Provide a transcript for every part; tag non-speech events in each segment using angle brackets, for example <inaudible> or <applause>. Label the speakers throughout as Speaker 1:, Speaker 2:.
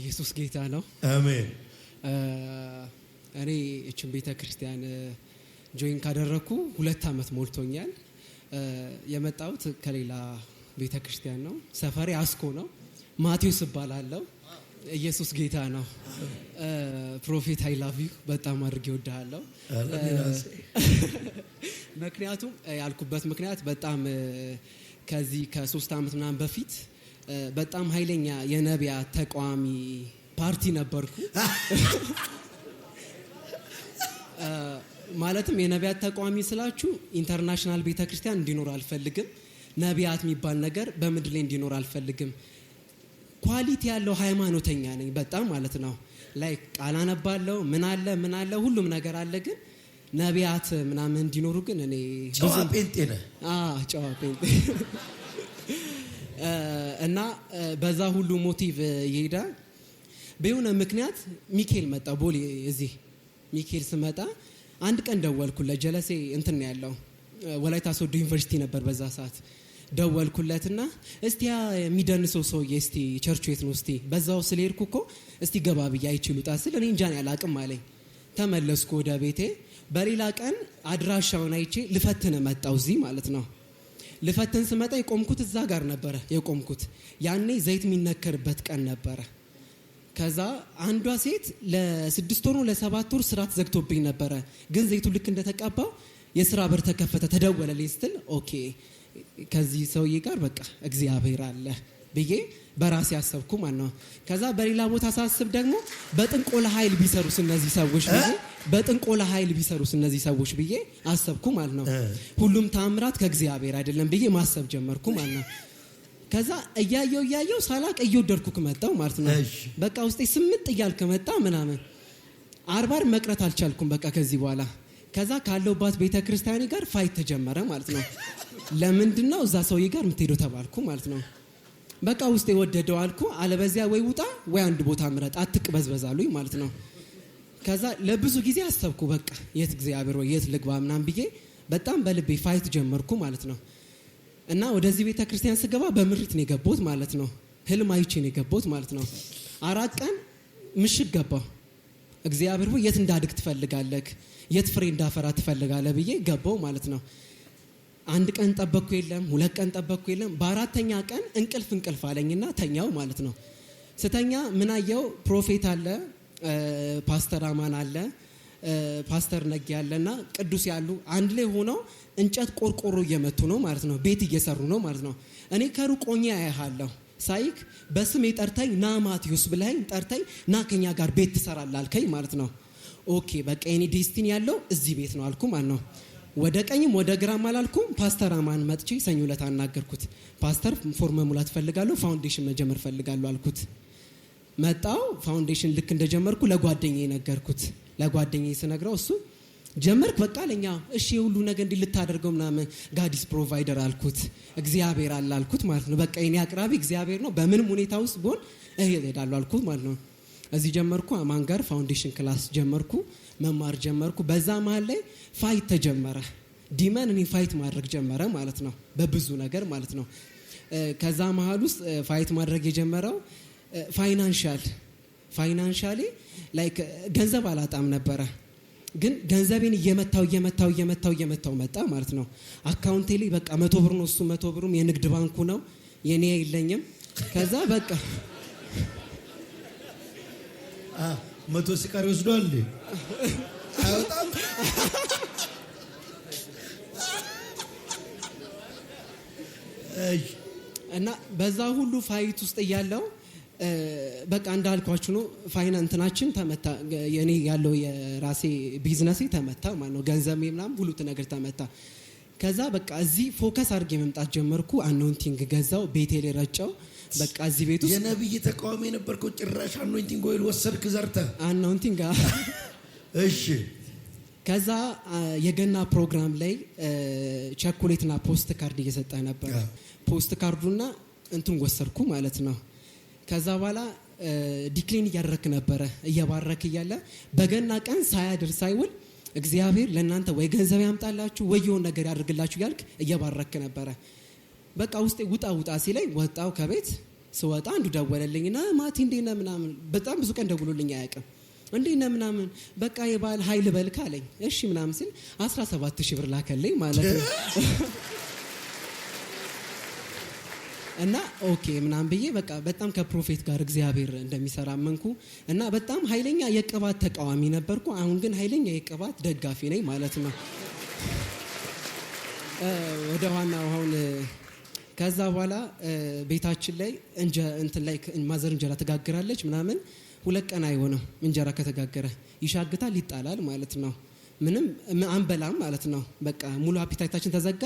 Speaker 1: ኢየሱስ ጌታ ነው። አሜን። እኔ እችን ቤተ ክርስቲያን ጆይን ካደረግኩ ሁለት ዓመት ሞልቶኛል። የመጣሁት ከሌላ ቤተ ክርስቲያን ነው። ሰፈሬ አስኮ ነው። ማቴዎስ እባላለሁ። ኢየሱስ ጌታ ነው። ፕሮፌት አይ ላቭ ዩ በጣም አድርጌ እወድሃለሁ። ምክንያቱም ያልኩበት ምክንያት በጣም ከዚህ ከሶስት ዓመት ምናምን በፊት በጣም ኃይለኛ የነቢያ ተቃዋሚ ፓርቲ ነበርኩ። ማለትም የነቢያት ተቃዋሚ ስላችሁ ኢንተርናሽናል ቤተ ክርስቲያን እንዲኖር አልፈልግም። ነቢያት የሚባል ነገር በምድር ላይ እንዲኖር አልፈልግም። ኳሊቲ ያለው ሃይማኖተኛ ነኝ በጣም ማለት ነው። ላይ ቃል አነባለሁ ምን አለ ምን አለ ሁሉም ነገር አለ። ግን ነቢያት ምናምን እንዲኖሩ ግን እኔ
Speaker 2: ጨዋ ጴንጤ ነህ?
Speaker 1: ጨዋ ጴንጤ እና በዛ ሁሉ ሞቲቭ ይሄዳ በሆነ ምክንያት ሚካኤል መጣ ቦሌ። እዚህ ሚካኤል ስመጣ አንድ ቀን ደወልኩለት። ጀለሴ እንትን ያለው ወላይታ ሶዶ ዩኒቨርሲቲ ነበር በዛ ሰዓት ደወልኩለትና እስቲ ያ የሚደንሰው ሰውዬ እስቲ ቸርች ቤት ነው? እስቲ በዛው ስለሄድኩ እኮ እስቲ ገባ ብዬ አይችሉ ጣስል እኔ እንጃን ያላቅም አለኝ። ተመለስኩ ወደ ቤቴ። በሌላ ቀን አድራሻውን አይቼ ልፈትነ መጣው እዚህ ማለት ነው። ልፈትን ስመጣ የቆምኩት እዛ ጋር ነበረ የቆምኩት። ያኔ ዘይት የሚነከርበት ቀን ነበረ። ከዛ አንዷ ሴት ለስድስት ወር ለሰባት ወር ስራ ተዘግቶብኝ ነበረ። ግን ዘይቱ ልክ እንደተቀባው የስራ በር ተከፈተ። ተደወለልኝ ስትል ኦኬ ከዚህ ሰውዬ ጋር በቃ እግዚአብሔር አለ ብዬ በራሴ ያሰብኩ ማን ነው። ከዛ በሌላ ቦታ ሳስብ ደግሞ በጥንቆላ ኃይል ቢሰሩስ እነዚህ ሰዎች በጥንቆላ ኃይል ቢሰሩስ እነዚህ ሰዎች ብዬ አሰብኩ ማለት ነው። ሁሉም ታምራት ከእግዚአብሔር አይደለም ብዬ ማሰብ ጀመርኩ ማለት ነው። ከዛ እያየው እያየው ሳላቅ እየወደድኩ ከመጣው ማለት ነው። በቃ ውስጤ ስምጥ እያል ከመጣ ምናምን አርባር መቅረት አልቻልኩም። በቃ ከዚህ በኋላ ከዛ ካለውባት ቤተ ክርስቲያኔ ጋር ፋይት ተጀመረ ማለት ነው። ለምንድን ነው እዛ ሰውዬ ጋር የምትሄደው ተባልኩ ማለት ነው። በቃ ውስጤ ወደደው አልኩ። አለበዚያ ወይ ውጣ ወይ አንድ ቦታ ምረጥ፣ አትቅበዝበዝ ማለት ነው። ከዛ ለብዙ ጊዜ አሰብኩ። በቃ የት እግዚአብሔር ወይ የት ልግባ ምናምን ብዬ በጣም በልቤ ፋይት ጀመርኩ ማለት ነው። እና ወደዚህ ቤተ ክርስቲያን ስገባ በምሪት ነው የገባሁት ማለት ነው። ህልም አይቼ ነው የገባሁት ማለት ነው። አራት ቀን ምሽግ ገባሁ። እግዚአብሔር ሆይ የት እንዳድግ ትፈልጋለህ? የት ፍሬ እንዳፈራ ትፈልጋለህ ብዬ ገባው ማለት ነው። አንድ ቀን ጠበቅኩ የለም፣ ሁለት ቀን ጠበቅኩ የለም። በአራተኛ ቀን እንቅልፍ እንቅልፍ አለኝና ተኛው ማለት ነው። ስተኛ ምናየው ፕሮፌት አለ ፓስተር አማን አለ፣ ፓስተር ነግ ያለ እና ቅዱስ ያሉ አንድ ላይ ሆነው እንጨት ቆርቆሮ እየመቱ ነው ማለት ነው። ቤት እየሰሩ ነው ማለት ነው። እኔ ከሩቆኝ ሆኜ አያሃለሁ ሳይክ በስሜ ጠርታኝ ና ማቴዎስ ብላይ ጠርታኝ ና ከኛ ጋር ቤት ትሰራላልከኝ ማለት ነው። ኦኬ በቃ የኔ ዴስቲን ያለው እዚህ ቤት ነው አልኩ ማለት ነው። ወደ ቀኝም ወደ ግራም አላልኩም። ፓስተር አማን መጥቼ ሰኞ ዕለት አናገርኩት። ፓስተር ፎርም መሙላት ፈልጋለሁ፣ ፋውንዴሽን መጀመር ፈልጋለሁ አልኩት። መጣው ፋውንዴሽን ልክ እንደጀመርኩ ለጓደኛ የነገርኩት ለጓደኛ ስነግረው እሱ ጀመርክ በቃ ለኛ እሺ የሁሉ ነገር እንዲ ልታደርገው ምናምን ጋዲስ ፕሮቫይደር አልኩት እግዚአብሔር አለ አልኩት ማለት ነው። በቃ የኔ አቅራቢ እግዚአብሔር ነው። በምንም ሁኔታ ውስጥ ብሆን እሄዳለሁ አልኩት ማለት ነው። እዚህ ጀመርኩ አማን ጋር ፋውንዴሽን ክላስ ጀመርኩ፣ መማር ጀመርኩ። በዛ መሀል ላይ ፋይት ተጀመረ። ዲመን እኔ ፋይት ማድረግ ጀመረ ማለት ነው፣ በብዙ ነገር ማለት ነው። ከዛ መሀል ውስጥ ፋይት ማድረግ የጀመረው ፋይናንሻል ፋይናንሻሊ ላይክ ገንዘብ አላጣም ነበረ ግን ገንዘቤን እየመታው እየመታው እየመታው እየመታው መጣ ማለት ነው። አካውንቴ ላይ በቃ መቶ ብር ነው እሱ መቶ ብሩም የንግድ ባንኩ ነው የኔ የለኝም። ከዛ በቃ
Speaker 2: መቶ ሲቀር ይወስዷል አይወጣም።
Speaker 1: እና በዛ ሁሉ ፋይት ውስጥ እያለው በቃ እንዳልኳችሁ ነው። ፋይናንትናችን ተመታ። የኔ ያለው የራሴ ቢዝነሴ ተመታ ማለት ነው። ገንዘብ ምናምን ሁሉት ነገር ተመታ። ከዛ በቃ እዚህ ፎከስ አድርጌ መምጣት ጀመርኩ። አኖንቲንግ ገዛው፣ ቤቴ ላይ ረጨው። በቃ እዚህ ቤት
Speaker 2: ውስጥ የነብይ ተቃዋሚ የነበርከው ጭራሽ አኖንቲንግ ወይል ወሰድክ ዘርተ አኖንቲንግ። <laughs> እሺ
Speaker 1: ከዛ የገና ፕሮግራም ላይ ቸኮሌትና ፖስት ካርድ እየሰጠ ነበር። ፖስት ካርዱና እንትን ወሰድኩ ማለት ነው ከዛ በኋላ ዲክሌን እያደረክ ነበረ እየባረክ እያለ በገና ቀን ሳያድር ሳይውል እግዚአብሔር ለእናንተ ወይ ገንዘብ ያምጣላችሁ ወይ የሆን ነገር ያደርግላችሁ ያልክ እየባረክ ነበረ። በቃ ውስጤ ውጣ ውጣ ሲለኝ ወጣው። ከቤት ስወጣ አንዱ ደወለልኝ እና ማቲ እንዴነ ምናምን በጣም ብዙ ቀን ደውሎልኝ አያውቅም። እንዴነ ምናምን በቃ የባል ሀይል በልክ አለኝ። እሺ ምናምን ሲል 17 ሺህ ብር ላከልኝ ማለት ነው <laughs> እና ኦኬ ምናምን ብዬ በቃ በጣም ከፕሮፌት ጋር እግዚአብሔር እንደሚሰራ መንኩ እና በጣም ኃይለኛ የቅባት ተቃዋሚ ነበርኩ። አሁን ግን ኃይለኛ የቅባት ደጋፊ ነኝ ማለት ነው። ወደ ዋናው አሁን ከዛ በኋላ ቤታችን ላይ እንትን ላይ ማዘር እንጀራ ትጋግራለች ምናምን። ሁለት ቀን አይሆነው እንጀራ ከተጋገረ ይሻግታል፣ ይጣላል ማለት ነው። ምንም አንበላም ማለት ነው። በቃ ሙሉ አፒታይታችን ተዘጋ።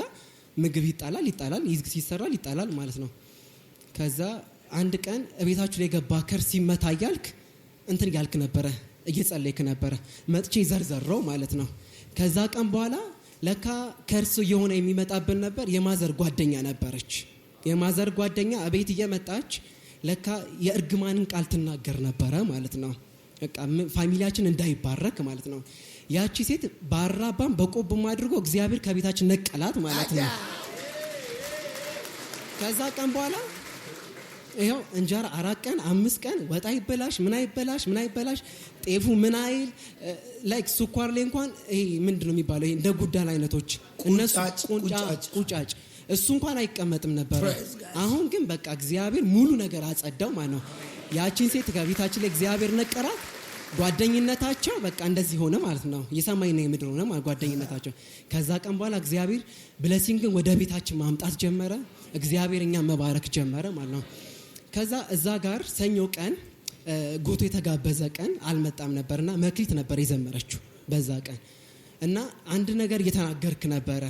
Speaker 1: ምግብ ይጣላል ይጣላል ይሰራል ይጣላል ማለት ነው። ከዛ አንድ ቀን እቤታችሁ ላይ የገባ ከርስ ይመታ እያልክ እንትን ያልክ ነበረ እየጸለይክ ነበረ። መጥቼ ዘርዘረው ማለት ነው። ከዛ ቀን በኋላ ለካ ከርስ የሆነ የሚመጣብን ነበር። የማዘር ጓደኛ ነበረች። የማዘር ጓደኛ እቤት እየመጣች ለካ የእርግማንን ቃል ትናገር ነበረ ማለት ነው። ፋሚሊያችን እንዳይባረክ ማለት ነው። ያቺ ሴት ባራባም በቆብም አድርጎ እግዚአብሔር ከቤታችን ነቀላት ማለት ነው። ከዛ ቀን በኋላ ይኸው እንጀራ አራት ቀን አምስት ቀን ወጣ ይበላሽ ምን አይበላሽ፣ ምን አይበላሽ፣ ጤፉ ምን አይል ላይክ ስኳር ላይ እንኳን ይሄ ምንድን ነው የሚባለው? እንደ ጉዳል አይነቶች እነሱ ቁጫጭ እሱ እንኳን አይቀመጥም ነበረ። አሁን ግን በቃ እግዚአብሔር ሙሉ ነገር አጸዳው ማለት ነው። ያቺን ሴት ከቤታችን ላይ እግዚአብሔር ነቀራት። ጓደኝነታቸው በቃ እንደዚህ ሆነ ማለት ነው። የሰማይ ነው የምድር ሆነ ማለት ጓደኝነታቸው። ከዛ ቀን በኋላ እግዚአብሔር ብለሲንግን ወደ ቤታችን ማምጣት ጀመረ። እግዚአብሔር እኛ መባረክ ጀመረ ማለት ነው። ከዛ እዛ ጋር ሰኞ ቀን ጎቶ የተጋበዘ ቀን አልመጣም ነበርና መክሊት ነበር የዘመረችው በዛ ቀን እና አንድ ነገር እየተናገርክ ነበረ።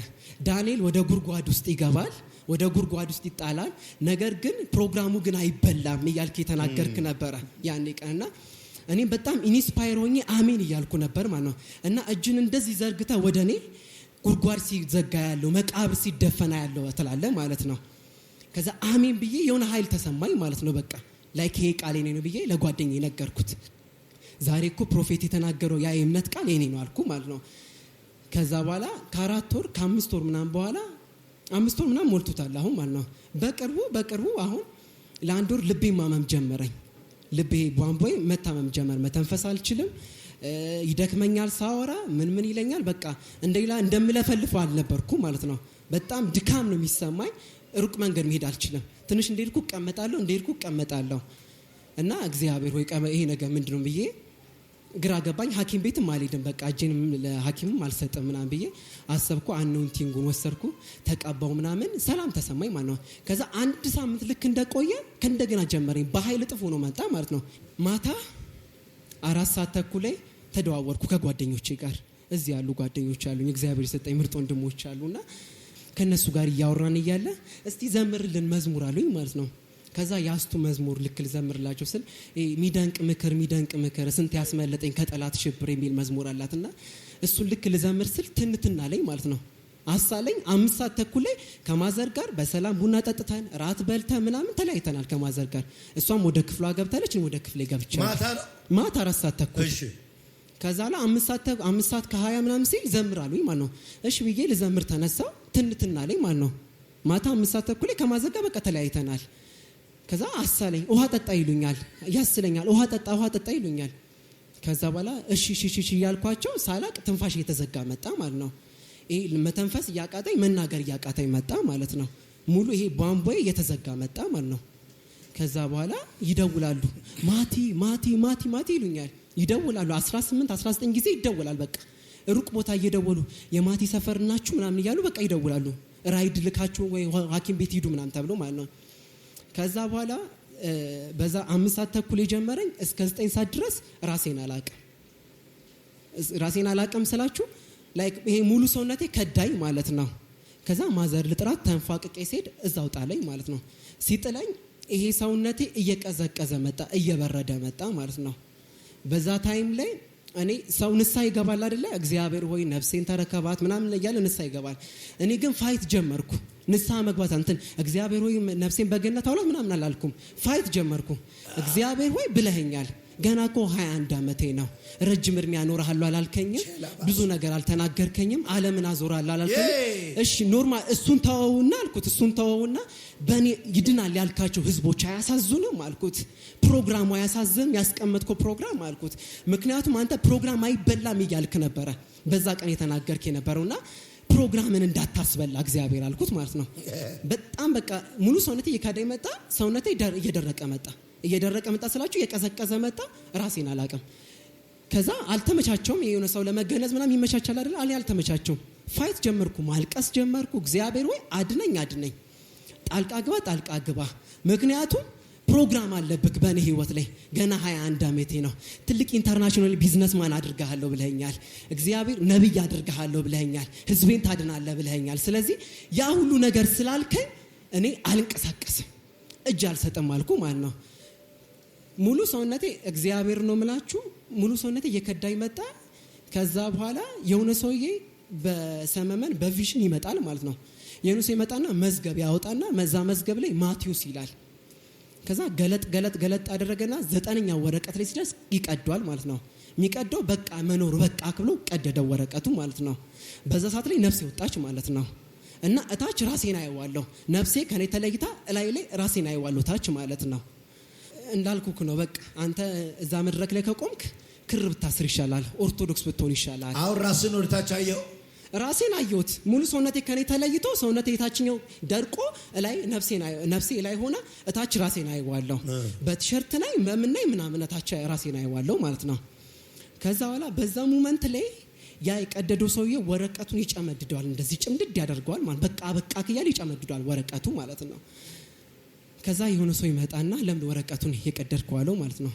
Speaker 1: ዳንኤል ወደ ጉድጓድ ውስጥ ይገባል፣ ወደ ጉድጓድ ውስጥ ይጣላል፣ ነገር ግን ፕሮግራሙ ግን አይበላም እያልክ የተናገርክ ነበረ ያኔ ቀንና እኔም በጣም ኢንስፓየር ሆኜ አሜን እያልኩ ነበር ማለት ነው። እና እጅን እንደዚህ ዘርግተ ወደ እኔ ጉድጓድ ሲዘጋ ያለው መቃብር ሲደፈና ያለው ትላለ ማለት ነው። ከዛ አሜን ብዬ የሆነ ኃይል ተሰማኝ ማለት ነው። በቃ ላይክ ይሄ ቃል ኔ ነው ብዬ ለጓደኝ የነገርኩት ዛሬ እኮ ፕሮፌት የተናገረው ያ የእምነት ቃል የኔ ነው አልኩ ማለት ነው። ከዛ በኋላ ከአራት ወር ከአምስት ወር ምናምን በኋላ አምስት ወር ምናምን ሞልቶታል አሁን ማለት ነው። በቅርቡ በቅርቡ አሁን ለአንድ ወር ልቤ ማመም ጀመረኝ። ልቤ ቧንቧይ መታመም ጀመር። መተንፈስ አልችልም፣ ይደክመኛል፣ ሳወራ ምን ምን ይለኛል። በቃ እንደሌላ እንደምለፈልፈ አልነበርኩ ማለት ነው። በጣም ድካም ነው የሚሰማኝ። ሩቅ መንገድ መሄድ አልችልም። ትንሽ እንደሄድኩ እቀመጣለሁ፣ እንደሄድኩ እቀመጣለሁ እና እግዚአብሔር ሆይ ይሄ ነገር ምንድነው ነው ብዬ ግራ ገባኝ። ሐኪም ቤትም አልሄድም በቃ እጄንም ለሐኪምም አልሰጥም ምናምን ብዬ አሰብኩ። ቲንጉን ወሰድኩ ተቀባው ምናምን ሰላም ተሰማኝ ማለት ነው። ከዛ አንድ ሳምንት ልክ እንደቆየ ከእንደገና ጀመረኝ። በኃይል እጥፍ ሆኖ መጣ ማለት ነው። ማታ አራት ሰዓት ተኩል ላይ ተደዋወርኩ ከጓደኞቼ ጋር እዚህ ያሉ ጓደኞች አሉኝ። እግዚአብሔር የሰጠኝ ምርጥ ወንድሞች አሉና ከእነሱ ጋር እያወራን እያለ እስቲ ዘምርልን መዝሙር አሉኝ ማለት ነው ከዛ ያስቱ መዝሙር ልክ ልዘምርላቸው ስል ሚደንቅ ምክር ሚደንቅ ምክር ስንት ያስመለጠኝ ከጠላት ሽብር የሚል መዝሙር አላትና እና እሱን ልክ ልዘምር ስል ትንትና ላይ ማለት ነው አሳለኝ። አምስት ሰዓት ተኩል ላይ ከማዘር ጋር በሰላም ቡና ጠጥተን ራት በልተ ምናምን ተለያይተናል ከማዘር ጋር። እሷም ወደ ክፍሏ ገብታለች፣ ወደ ክፍሌ
Speaker 2: ገብቻለሁ።
Speaker 1: ማታ አራት ሰዓት ተኩል ከዛ ላ አምስት ሰዓት ከሀያ ምናምን ሲል ዘምራሉ ማለት ነው። እሺ ብዬ ልዘምር ተነሳው ትንትና ላይ ማለት ነው። ማታ አምስት ሰዓት ተኩል ላይ ከማዘር ጋር በቃ ተለያይተናል። ከዛ አሳለኝ። ውሃ ጠጣ ይሉኛል፣ ያስለኛል። ውሃ ጠጣ ውሃ ጠጣ ይሉኛል። ከዛ በኋላ እሺ ሽሽሽ እያልኳቸው ሳላቅ ትንፋሽ እየተዘጋ መጣ ማለት ነው። ይሄ መተንፈስ እያቃተኝ መናገር እያቃተኝ መጣ ማለት ነው። ሙሉ ይሄ ቧንቧዬ እየተዘጋ መጣ ማለት ነው። ከዛ በኋላ ይደውላሉ። ማቲ ማቲ ማቲ ማቲ ይሉኛል። ይደውላሉ 18 19 ጊዜ ይደውላል። በቃ ሩቅ ቦታ እየደወሉ የማቲ ሰፈር ናችሁ ምናምን እያሉ በቃ ይደውላሉ። ራይድ ልካችሁ ወይ ሀኪም ቤት ሂዱ ምናምን ተብሎ ማለት ነው ከዛ በኋላ በዛ አምስት ሰዓት ተኩል የጀመረኝ እስከ ዘጠኝ ሰዓት ድረስ ራሴን አላቅም። ራሴን አላቅም ስላችሁ ይሄ ሙሉ ሰውነቴ ከዳይ ማለት ነው። ከዛ ማዘር ልጥራት ተንፋቅቄ ስሄድ እዛው ጣለኝ ማለት ነው። ሲጥለኝ ይሄ ሰውነቴ እየቀዘቀዘ መጣ፣ እየበረደ መጣ ማለት ነው። በዛ ታይም ላይ እኔ ሰው ንሳ ይገባል አደለ እግዚአብሔር ሆይ ነፍሴን ተረከባት ምናምን እያለ ንሳ ይገባል። እኔ ግን ፋይት ጀመርኩ። ንስሐ መግባት አንተን እግዚአብሔር ሆይ ነፍሴን በገነት አውላት ምናምን አላልኩም። ፋይት ጀመርኩ። እግዚአብሔር ሆይ ብለኸኛል። ገና እኮ 21 ዓመቴ ነው። ረጅም እድሜ ያኖርሃሉ አላልከኝም። ብዙ ነገር አልተናገርከኝም። ዓለምን አዞራለሁ አላልከኝም። እሺ ኖርማል፣ እሱን ተወውና አልኩት። እሱን ተወውና በእኔ ይድናል ያልካቸው ህዝቦች አያሳዝኑም አልኩት። ፕሮግራሙ አያሳዝንም ያስቀመጥከው ፕሮግራም አልኩት። ምክንያቱም አንተ ፕሮግራም አይበላም እያልክ ነበረ በዛ ቀን የተናገርክ የነበረውና ፕሮግራምን እንዳታስበላ እግዚአብሔር አልኩት ማለት ነው። በጣም በቃ ሙሉ ሰውነቴ እየካደ መጣ። ሰውነቴ እየደረቀ መጣ። እየደረቀ መጣ ስላችሁ የቀዘቀዘ መጣ። ራሴን አላቅም። ከዛ አልተመቻቸውም። የሆነ ሰው ለመገነዝ ምናም ይመቻቻል አይደለ? እኔ አልተመቻቸውም። ፋይት ጀመርኩ፣ ማልቀስ ጀመርኩ። እግዚአብሔር ወይ አድነኝ፣ አድነኝ፣ ጣልቃ ግባ፣ ጣልቃ ግባ። ምክንያቱም ፕሮግራም አለብክ በእኔ ህይወት ላይ ገና 21 ዓመቴ ነው። ትልቅ ኢንተርናሽናል ቢዝነስማን አድርግሃለሁ ብለኛል። እግዚአብሔር ነብይ አድርግሃለሁ ብለኛል። ህዝቤን ታድናለህ ብለኛል። ስለዚህ ያ ሁሉ ነገር ስላልከኝ እኔ አልንቀሳቀስም፣ እጅ አልሰጥም አልኩ ማለት ነው። ሙሉ ሰውነቴ እግዚአብሔር ነው ምላችሁ፣ ሙሉ ሰውነቴ እየከዳኝ መጣ። ከዛ በኋላ የሆነ ሰውዬ በሰመመን በቪዥን ይመጣል ማለት ነው። የሆነ ሰው ይመጣና መዝገብ ያወጣና መዛ መዝገብ ላይ ማቴዎስ ይላል ከዛ ገለጥ ገለጥ ገለጥ አደረገና ዘጠነኛ ወረቀት ላይ ሲደርስ ይቀደዋል ማለት ነው። የሚቀደው በቃ መኖሩ በቃ ክብሎ ቀደደው ወረቀቱ ማለት ነው። በዛ ሰዓት ላይ ነፍሴ ወጣች ማለት ነው። እና እታች ራሴን አየዋለሁ። ነፍሴ ከኔ ተለይታ እላይ ላይ ራሴን አየዋለሁ ታች ማለት ነው። እንዳልኩክ ነው በቃ አንተ እዛ መድረክ ላይ ከቆምክ ክር ብታስር ይሻላል፣ ኦርቶዶክስ ብትሆን ይሻላል።
Speaker 2: አሁን ራስን ወደታች አየው።
Speaker 1: ራሴን አየሁት። ሙሉ ሰውነቴ ከኔ ተለይቶ ሰውነቴ የታችኛው ደርቆ ላይ ነፍሴ ላይ ሆነ እታች ራሴን አየዋለሁ። በቲሸርት ላይ በምናይ ላይ ምናምን እታች ራሴን ማለት ነው። ከዛ በኋላ በዛ ሙመንት ላይ ያ የቀደደው ሰውዬ ወረቀቱን ይጨመድደዋል፣ እንደዚህ ጭምድድ ያደርገዋል ማለት በቃ በቃ ክያል ይጨመድደዋል ወረቀቱ ማለት ነው። ከዛ የሆነ ሰው ይመጣና ለምን ወረቀቱን የቀደድከው ማለት ነው።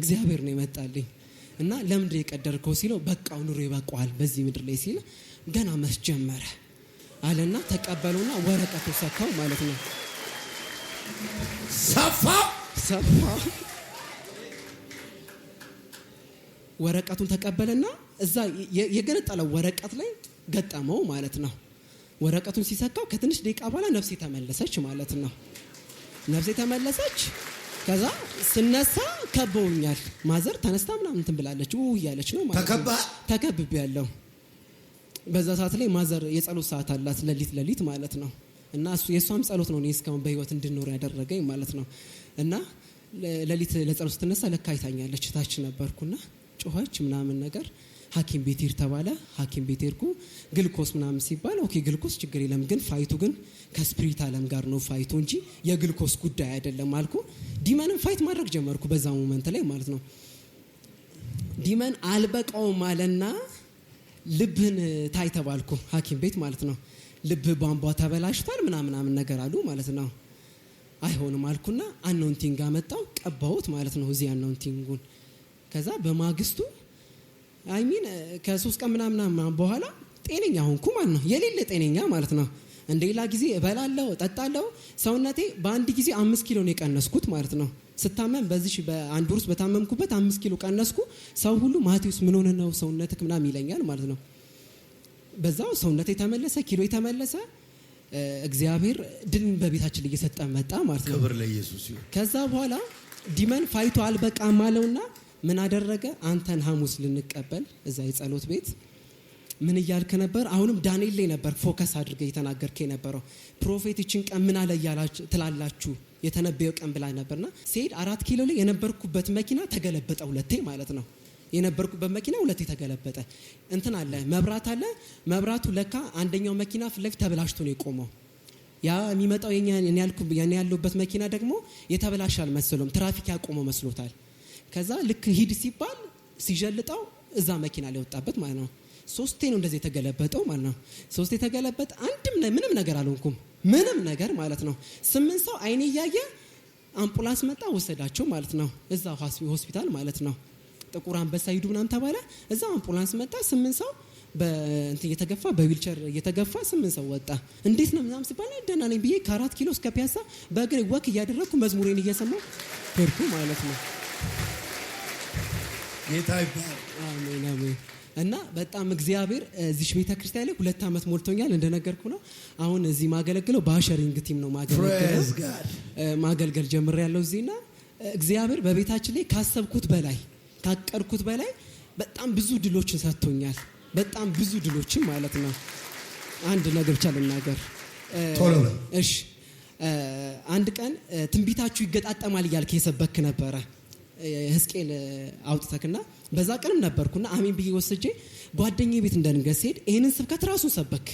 Speaker 1: እግዚአብሔር ነው ይመጣልኝ እና ለምንድን የቀደርከው ሲለው በቃው ኑሮ ይበቋል በዚህ ምድር ላይ ሲል ገና መስጀመረ አለና ተቀበሉና ወረቀቱ ሰጥተው ማለት ነው። ሰፋ ሰፋ ወረቀቱን ተቀበለና እዛ የገነጠለው ወረቀት ላይ ገጠመው ማለት ነው። ወረቀቱን ሲሰካው ከትንሽ ደቂቃ በኋላ ነፍሴ ተመለሰች ማለት ነው። ነፍሴ ተመለሰች። ከዛ ስነሳ ከበውኛል። ማዘር ተነስታ ምናምን ትንብላለች ብላለች። እያለች ነው
Speaker 2: ማለት ነው።
Speaker 1: ያለው በዛ ሰዓት ላይ ማዘር የጸሎት ሰዓት አላት ለሊት ለሊት ማለት ነው። እና የእሷም ጸሎት ነው እስካሁን በህይወት እንድኖር ያደረገኝ ማለት ነው። እና ለሊት ለጸሎት ስትነሳ ለካ ይታኛለች። ታች ነበርኩና ጮኸች ምናምን ነገር ሀኪም ቤት ሄድ ተባለ። ሀኪም ቤት ሄድኩ። ግልኮስ ምናምን ሲባል ኦኬ ግልኮስ ችግር የለም ግን ፋይቱ ግን ከስፕሪት አለም ጋር ነው ፋይቱ እንጂ የግልኮስ ጉዳይ አይደለም አልኩ። ዲመንም ፋይት ማድረግ ጀመርኩ በዛ ሞመንት ላይ ማለት ነው። ዲመን አልበቃውም አለና ልብህን ታይ ተባልኩ ሀኪም ቤት ማለት ነው። ልብ ቧንቧ ተበላሽቷል ምናምናምን ነገር አሉ ማለት ነው። አይሆንም አልኩና አናውንቲንግ አመጣው ቀባውት ማለት ነው። እዚህ አናውንቲንጉን ከዛ በማግስቱ አይሚን ከሶስት ቀን ምናምናምና በኋላ ጤነኛ ሆንኩ ማለት ነው። የሌለ ጤነኛ ማለት ነው። እንደሌላ ጊዜ እበላለው ጠጣለው ሰውነቴ በአንድ ጊዜ አምስት ኪሎ ነው የቀነስኩት ማለት ነው። ስታመም በዚህ በአንድ ወር ውስጥ በታመምኩበት አምስት ኪሎ ቀነስኩ። ሰው ሁሉ ማቴዎስ ምን ሆነ ነው ሰውነትህ ምናምን ይለኛል ማለት ነው። በዛው ሰውነት የተመለሰ ኪሎ የተመለሰ እግዚአብሔር ድል በቤታችን እየሰጠ መጣ ማለት
Speaker 2: ነው። ክብር ለኢየሱስ ይሁን።
Speaker 1: ከዛ በኋላ ዲመን ፋይቶ አልበቃም አለውና ምን አደረገ? አንተን ሐሙስ ልንቀበል እዛ የጸሎት ቤት ምን እያልክ ነበር? አሁንም ዳንኤል ላይ ነበር ፎከስ አድርገህ እየተናገርክ የነበረው ፕሮፌት፣ ይችን ቀን ምን አለ ትላላችሁ የተነበየው ቀን ብላ ነበርና ሲሄድ አራት ኪሎ ላይ የነበርኩበት መኪና ተገለበጠ ሁለቴ ማለት ነው። የነበርኩበት መኪና ሁለቴ ተገለበጠ። እንትን አለ መብራት አለ መብራቱ ለካ አንደኛው መኪና ፊት ለፊት ተበላሽቶ ነው የቆመው። ያ የሚመጣው ያን ያለሁበት መኪና ደግሞ የተበላሽ አልመስሎም ትራፊክ ያቆመ መስሎታል። ከዛ ልክ ሂድ ሲባል ሲጀልጠው እዛ መኪና ሊወጣበት ወጣበት ማለት ነው። ሶስቴ ነው እንደዚህ የተገለበጠው ማለት ነው። ሶስቴ የተገለበጠ አንድም ምንም ነገር አልሆንኩም። ምንም ነገር ማለት ነው። ስምንት ሰው አይኔ እያየ አምቡላንስ መጣ ወሰዳቸው ማለት ነው፣ እዛ ሆስፒታል ማለት ነው። ጥቁር አንበሳ ሂዱ ምናም ተባለ። እዛ አምፑላንስ መጣ ስምንት ሰው በእንትን እየተገፋ በዊልቸር እየተገፋ ስምንት ሰው ወጣ። እንዴት ነው ምናም ሲባል ደህና ነኝ ብዬ ከአራት ኪሎ እስከ ፒያሳ በእግር ወክ እያደረግኩ መዝሙሬን እየሰማ ሄድኩ ማለት ነው።
Speaker 2: ጌታ ይባል።
Speaker 1: እና በጣም እግዚአብሔር እዚሽ ቤተ ክርስቲያን ላይ ሁለት ዓመት ሞልቶኛል። እንደነገርኩ ነው። አሁን እዚህ ማገለግለው በአሸሪንግ ቲም ነው ማገልገል ጀምር ያለው እዚህ እና እግዚአብሔር በቤታችን ላይ ካሰብኩት በላይ ካቀድኩት በላይ በጣም ብዙ ድሎችን ሰጥቶኛል። በጣም ብዙ ድሎችን ማለት ነው። አንድ ነገር ብቻ ልናገር። እሺ አንድ ቀን ትንቢታችሁ ይገጣጠማል እያልክ የሰበክ ነበረ ህዝቅኤል አውጥተክና በዛ ቀንም ነበርኩና አሜን ብዬ ወስጄ ጓደኛ ቤት እንደንገስ ሄድ ይህንን ስብከት ራሱን ሰበክ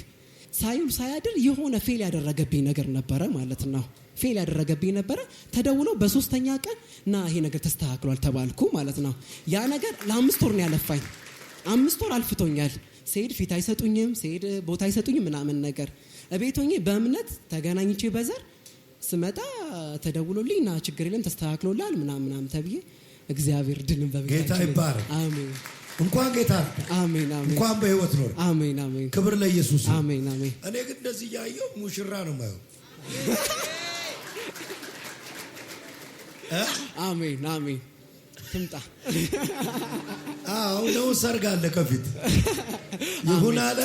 Speaker 1: ሳይውል ሳያድር የሆነ ፌል ያደረገብኝ ነገር ነበረ ማለት ነው። ፌል ያደረገብኝ ነበረ። ተደውለው በሶስተኛ ቀን ና ይሄ ነገር ተስተካክሏል ተባልኩ ማለት ነው። ያ ነገር ለአምስት ወር ነው ያለፋኝ። አምስት ወር አልፍቶኛል። ስሄድ ፊት አይሰጡኝም፣ ስሄድ ቦታ አይሰጡኝም ምናምን ነገር እቤት ሆኜ በእምነት ተገናኝቼ በዘር ስመጣ ተደውሎልኝ ና ችግር የለም ተስተካክሎላል ምናምናም ተብዬ እግዚአብሔር ድልን
Speaker 2: በጌታ ይባረክ። አሜን። እንኳን ጌታ አሜን፣ አሜን። እንኳን በህይወት ኖር። አሜን፣ አሜን። ክብር ለኢየሱስ። አሜን፣ አሜን። እኔ ግን እንደዚህ እያየሁ ሙሽራ ነው የማየው። አሜን፣ አሜን። ትምጣ። አዎ ነው፣ ሰርግ አለ ከፊት ይሁን አለ።